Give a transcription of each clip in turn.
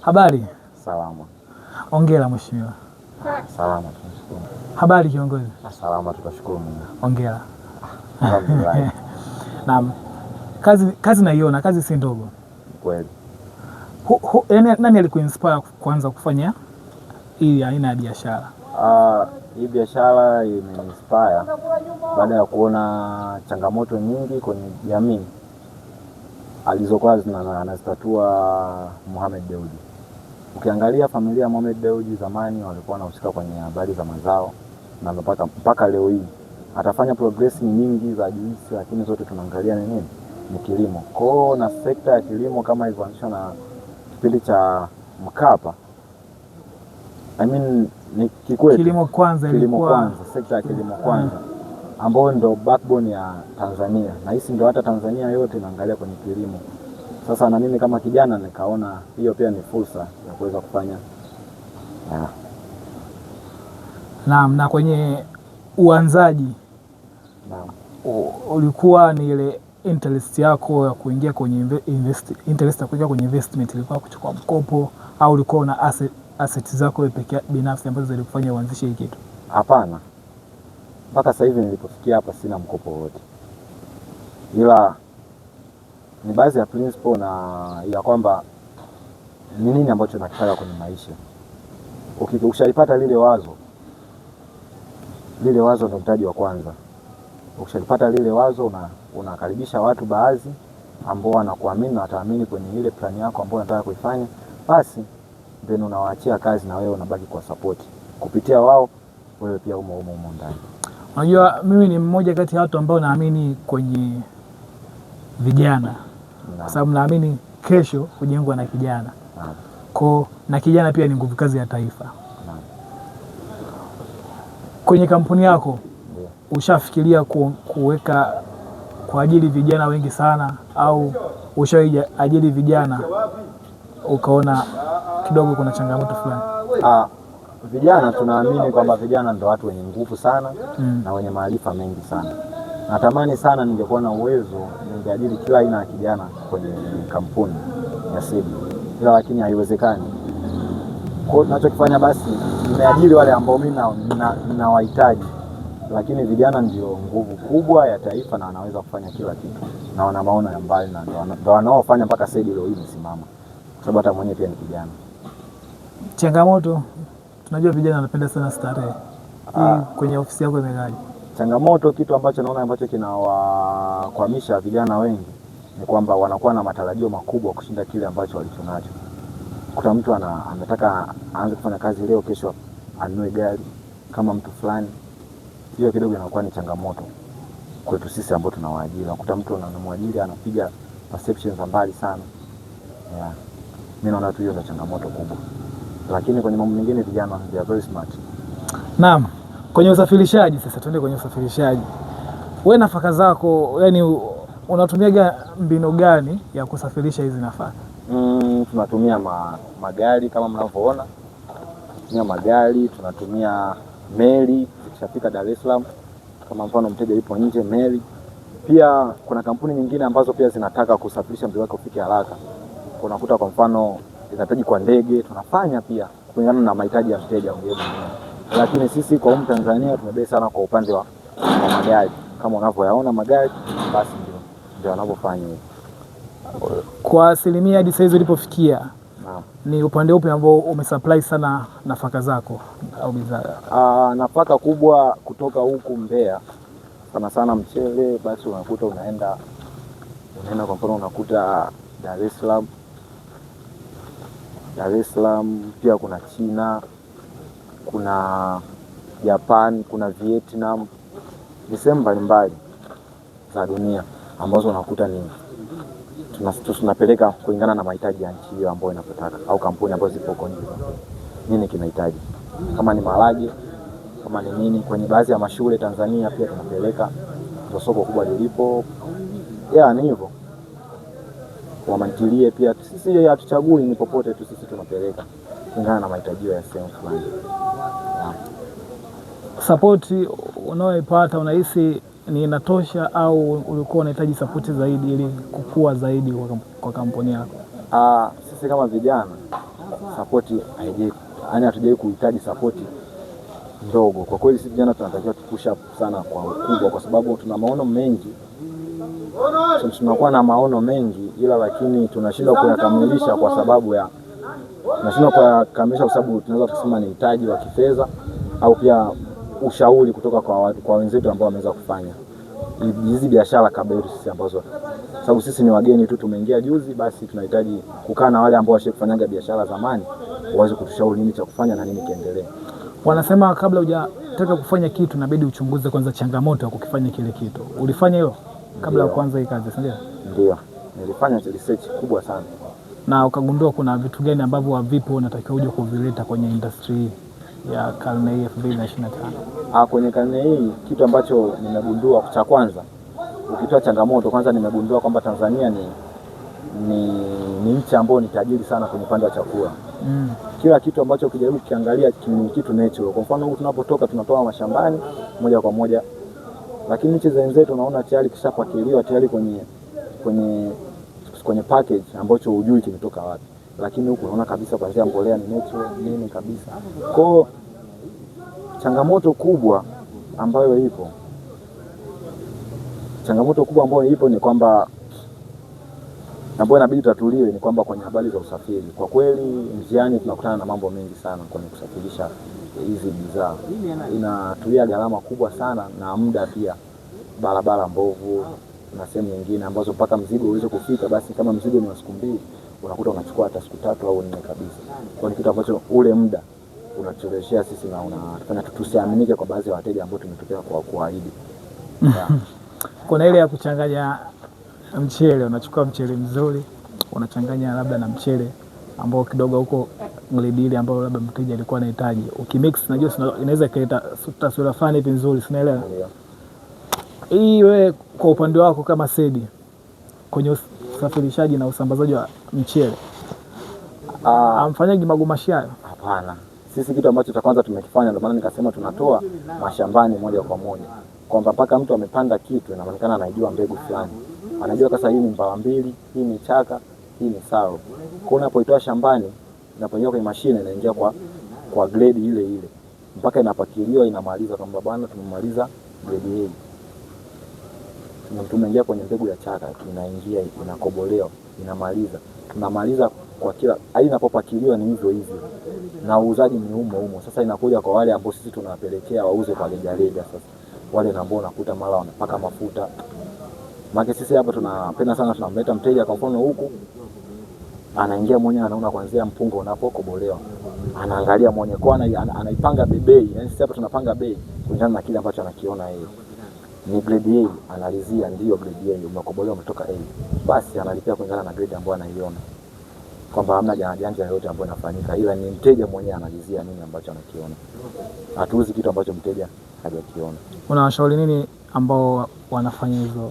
Habari? Salama. Hongera mheshimiwa. Salama tunashukuru. Habari kiongozi? Ah, salama tunashukuru Mungu. Hongera. Ah, Naam. Kazi kazi naiona, kazi si ndogo. Kweli. nani alikuinspire kuanza kufanya hii aina ya biashara? Uh, hii biashara imeinspire baada ya kuona changamoto nyingi kwenye jamii alizokuwa anazitatua Mohamed Deuji. Ukiangalia familia ya Mohamed Deuji zamani walikuwa wanahusika kwenye habari za mazao na mpaka, mpaka leo hii atafanya progresi nyingi za juisi, lakini zote tunaangalia ni nini? Ni kilimo. Kwao na sekta ya kilimo kama ilivyoanzishwa na kipindi cha Mkapa I mean, ni Kikwete. Kilimo kwanza, kilimo kwanza, sekta ya kilimo kwanza ambao ndo backbone ya Tanzania, na hisi ndo hata Tanzania yote inaangalia kwenye kilimo. Sasa na mimi kama kijana nikaona hiyo pia ni fursa ya kuweza kufanya yeah. Naam, na kwenye uanzaji ulikuwa ni ile interest yako ya kuingia kwenye invest, interest ya kuingia kwenye investment ilikuwa kuchukua mkopo au ulikuwa na asset, asset zako pekee binafsi ambazo zilikufanya uanzishe hii kitu? Hapana mpaka sasa hivi nilipofikia hapa sina mkopo wote, ila ni baadhi ya principle na ya kwamba ni nini ambacho nakitaka kwenye maisha. Ukishalipata lile wazo, lile wazo ndio mtaji wa kwanza. Ukishalipata lile wazo, unakaribisha watu baadhi ambao wanakuamini na wataamini kwenye ile plani yako ambayo unataka kuifanya, basi then unawaachia kazi na wewe unabaki kwa support kupitia wao, wewe pia umo umo umo ndani. Unajua, mimi ni mmoja kati ya watu ambao naamini kwenye vijana, kwa sababu naamini kesho hujengwa na kijana ko na kijana pia ni nguvu kazi ya taifa. Kwenye kampuni yako ushafikiria ku, kuweka kwa ajili vijana wengi sana au ushaajiri vijana ukaona kidogo kuna changamoto fulani? Ah, vijana tunaamini kwamba vijana ndio watu wenye nguvu sana mm. na wenye maarifa mengi sana. Natamani sana ningekuwa na uwezo ningeajiri kila aina ya kijana kwenye kampuni ya Seed, ila lakini haiwezekani. Kwa hiyo tunachokifanya basi, nimeajiri wale ambao mimi ninawahitaji, lakini vijana ndio nguvu kubwa ya taifa na wanaweza kufanya kila kitu na wana maono ya mbali na ndio wanaofanya mpaka Seed leo hii imesimama, kwa sababu hata mwenyewe pia ni kijana. Changamoto Tunajua vijana wanapenda sana starehe. Ah. Kwenye ofisi yako imekaje? Changamoto, kitu ambacho naona ambacho kinawakwamisha vijana wengi ni kwamba wanakuwa na matarajio makubwa kushinda kile ambacho walichonacho. Kuna mtu ana, anataka aanze kufanya kazi leo, kesho anunue gari kama mtu fulani. Hiyo kidogo inakuwa ni changamoto kwetu sisi ambao tunawaajiri. Unakuta mtu anamwajiri anapiga perceptions za mbali sana, yeah. Mimi naona tu hiyo ndio changamoto kubwa lakini kwenye mambo mengine vijana they are very smart. Naam, kwenye usafirishaji sasa, tuende kwenye usafirishaji. We nafaka zako, yani unatumiaga mbinu gani ya kusafirisha hizi nafaka? Mm, tunatumia ma, magari kama mnavyoona, tunatumia magari, tunatumia meli zikishafika Dar es Salaam, kama mfano mteja yupo nje, meli pia. Kuna kampuni nyingine ambazo pia zinataka kusafirisha mzigo wake ufike haraka, unakuta kwa mfano inahitaji kwa ndege, tunafanya pia kulingana na mahitaji ya mteja mwenyewe. Lakini sisi kwa umu Tanzania tumebei sana kwa upande wa magari, kama unavyoyaona magari, basi ndio ndio wanavyofanya hivyo. Kwa asilimia hadi saizi ulipofikia, ni upande upi ambao umesupply sana nafaka zako au bidhaa? Ah, nafaka kubwa kutoka huku Mbeya sana sana mchele, basi unakuta unaenda unaenda, kwa mfano unakuta Dar es Salaam Dar es Salaam, pia kuna China, kuna Japan, kuna Vietnam, ni sehemu mbalimbali za dunia ambazo unakuta ni tunapeleka kulingana na mahitaji ya nchi hiyo ambayo inapotaka au kampuni ambazo zipo huko nje, nini kinahitaji, kama ni marage, kama ni nini. Kwenye baadhi ya mashule Tanzania pia tunapeleka, ndio soko kubwa lilipo. Yeah, ni hivyo wamatilie pia. Sisi hatuchagui, ni popote tu sisi tunapeleka kulingana na mahitaji ya sehemu fulani. Sapoti unaoipata unahisi ni inatosha au ulikuwa unahitaji sapoti zaidi ili kukua zaidi kwa kampuni yako? Ah, sisi kama vijana sapoti haijai, yani hatujai kuhitaji sapoti ndogo. Kwa kweli sisi vijana tunatakiwa tupush up sana kwa ukubwa, kwa sababu tuna maono mengi so, tunakuwa na maono mengi ila lakini tunashindwa kuyakamilisha kwa sababu ya tunashindwa kuyakamilisha kwa sababu tunaweza kusema ni hitaji wa kifedha au pia ushauri kutoka kwa, kwa wenzetu ambao wameweza kufanya hizi biashara kabla yetu sisi, ambazo sababu sisi ni wageni tu, tumeingia juzi, basi tunahitaji kukaa na wale ambao washakufanyaga biashara zamani waweze kutushauri nini cha kufanya na nini kiendelee. Wanasema kabla hujataka kufanya kitu inabidi uchunguze kwanza changamoto ya kukifanya kile kitu. Ulifanya hiyo? kabla ya kuanza hii kazi, si ndio? Ndio, nilifanya research kubwa sana. Na ukagundua kuna vitu gani ambavyo havipo, unatakiwa uje kuvileta kwenye industry ya karne hii elfu mbili na ishirini na tano. Ah, kwenye karne hii kitu ambacho nimegundua cha kwanza, ukitoa changamoto kwanza, nimegundua kwamba Tanzania ni ni, ni nchi ambayo ni tajiri sana kwenye upande wa chakula mm. Kila kitu ambacho ukijaribu kiangalia ni kitu natural. Kwa mfano huku tunapotoka tunatoa mashambani moja kwa moja lakini nchi za wenzetu naona tayari kishapakiliwa tayari kwenye, kwenye, kwenye package ambacho hujui kimetoka wapi, lakini huku naona kabisa kuanzia mbolea ni neto nini kabisa. Kwa changamoto kubwa ambayo ipo, changamoto kubwa ambayo ipo ni kwamba ambayo inabidi tatuliwe ni kwamba kwenye habari za usafiri, kwa kweli njiani tunakutana na mambo mengi sana kwenye kusafirisha hizi bidhaa inatulia gharama kubwa sana na muda pia, barabara mbovu na sehemu nyingine ambazo mpaka mzigo uweze kufika, basi kama mzigo ni wa siku mbili unakuta unachukua hata siku tatu au nne kabisa. Kwa ni kitu ambacho ule muda unatucheleweshea sisi na unafanya tusiaminike kwa baadhi ya wateja ambao tumetokea kwa kuahidi. Kuna ile ya kuchanganya mchele, unachukua mchele mzuri unachanganya labda na mchele ambao kidogo huko grade ile ambayo labda mteja alikuwa anahitaji. Ukimix najua inaweza ikaleta taswira fani hivi nzuri, sinaelewa hii. Wewe kwa upande wako kama sedi kwenye usafirishaji na usambazaji wa mchele uh, ah. amfanyaji magumashi hayo? Hapana, sisi kitu ambacho cha kwanza tumekifanya, ndio maana nikasema tunatoa mashambani moja kwa moja, kwamba mpaka mtu amepanda kitu inaonekana anajua mbegu fulani, anajua kasa hii ni mbawa mbili, hii ni chaka, hii ni sawa. Kwa unapoitoa shambani inapoingia kwenye mashine inaingia kwa, kwa grade ile ile mpaka inapakiliwa inamaliza, kwamba bwana, tumemaliza grade hii. Tunaingia kwenye mbegu ya chaka, inaingia inakobolewa, inamaliza, tunamaliza kwa kila hadi inapopakiliwa ni hivyo hivyo, na uuzaji ni umo umo. Sasa inakuja kwa wale ambao sisi tunawapelekea wauze kwa rejareja. Sasa wale ambao unakuta mara wanapaka mafuta, maana sisi hapa tunapenda sana, tunamleta mteja kwa mfano huku anaingia mwenyewe, anaona kuanzia mpunga unapokobolewa, anaangalia mwenyewe kwa anaipanga bei, yani sisi hapa tunapanga bei kulingana na kile ambacho anakiona yeye ni grade A, analizia ndio grade A, umekobolewa umetoka A, basi analipia kulingana na grade ambayo anaiona, kwamba hamna janjanja yoyote ambayo inafanyika, ila ni mteja mwenyewe analizia nini ambacho anakiona. Hatuuzi kitu ambacho mteja hajakiona. Unawashauri nini ambao wanafanya hizo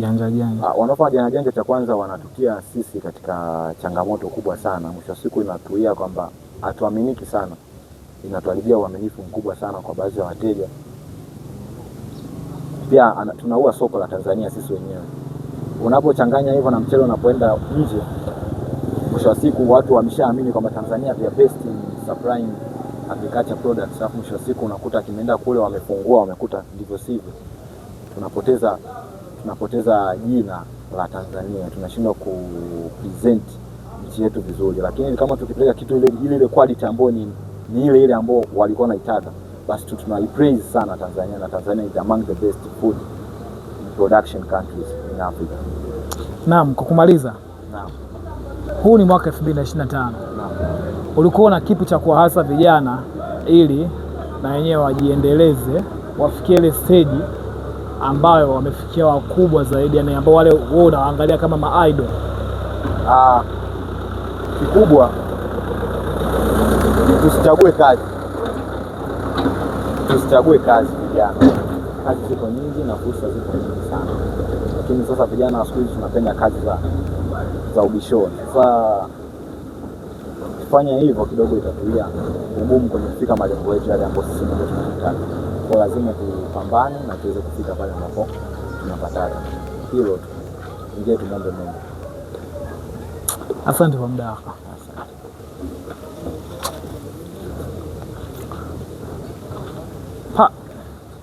janja janja. Ah, Wanaofanya janja janja, cha kwanza wanatutia sisi katika changamoto kubwa sana. Mwisho wa siku inatuia kwamba hatuaminiki sana, inatuharibia uaminifu mkubwa sana kwa baadhi ya wateja. Pia tunaua soko la Tanzania sisi wenyewe. Unapochanganya hivyo na mchele unapoenda nje, mwisho wa siku watu wameshaamini kwamba Tanzania vya best in supplying agriculture products, alafu mwisho wa siku unakuta kimeenda kule, wamefungua wamekuta ndivyo sivyo, tunapoteza tunapoteza jina la Tanzania, tunashindwa ku present nchi yetu vizuri, lakini kama tukipeleka kitu ile ile ile quality ambayo ni, ni ile ile ambayo walikuwa wanaitaka, basi praise sana Tanzania na Tanzania is among the best food production countries in Africa. Naam, kwa kumaliza, naam, huu ni mwaka 2025. Naam, ulikuwa na kipi cha kuwahasa vijana ili na wenyewe wajiendeleze wafikie ile stage ambayo wamefikia wakubwa zaidi, yani ambao wale wewe unaangalia kama maidol? Ah, kikubwa ni tusichague kazi, tusichague kazi vijana. Kazi ziko nyingi na fursa ziko nyingi sana, lakini sasa vijana siku hizi tunapenda kazi za za ubishoni. Sasa kufanya hivyo kidogo itatuia ugumu kwenye kufika malengo yetu yale ambayo sisi tunataka kwa lazima tupambane na tuweze kufika pale ambapo tunapataka. Hilo ingie tumombe Mungu. Asante kwa muda wako.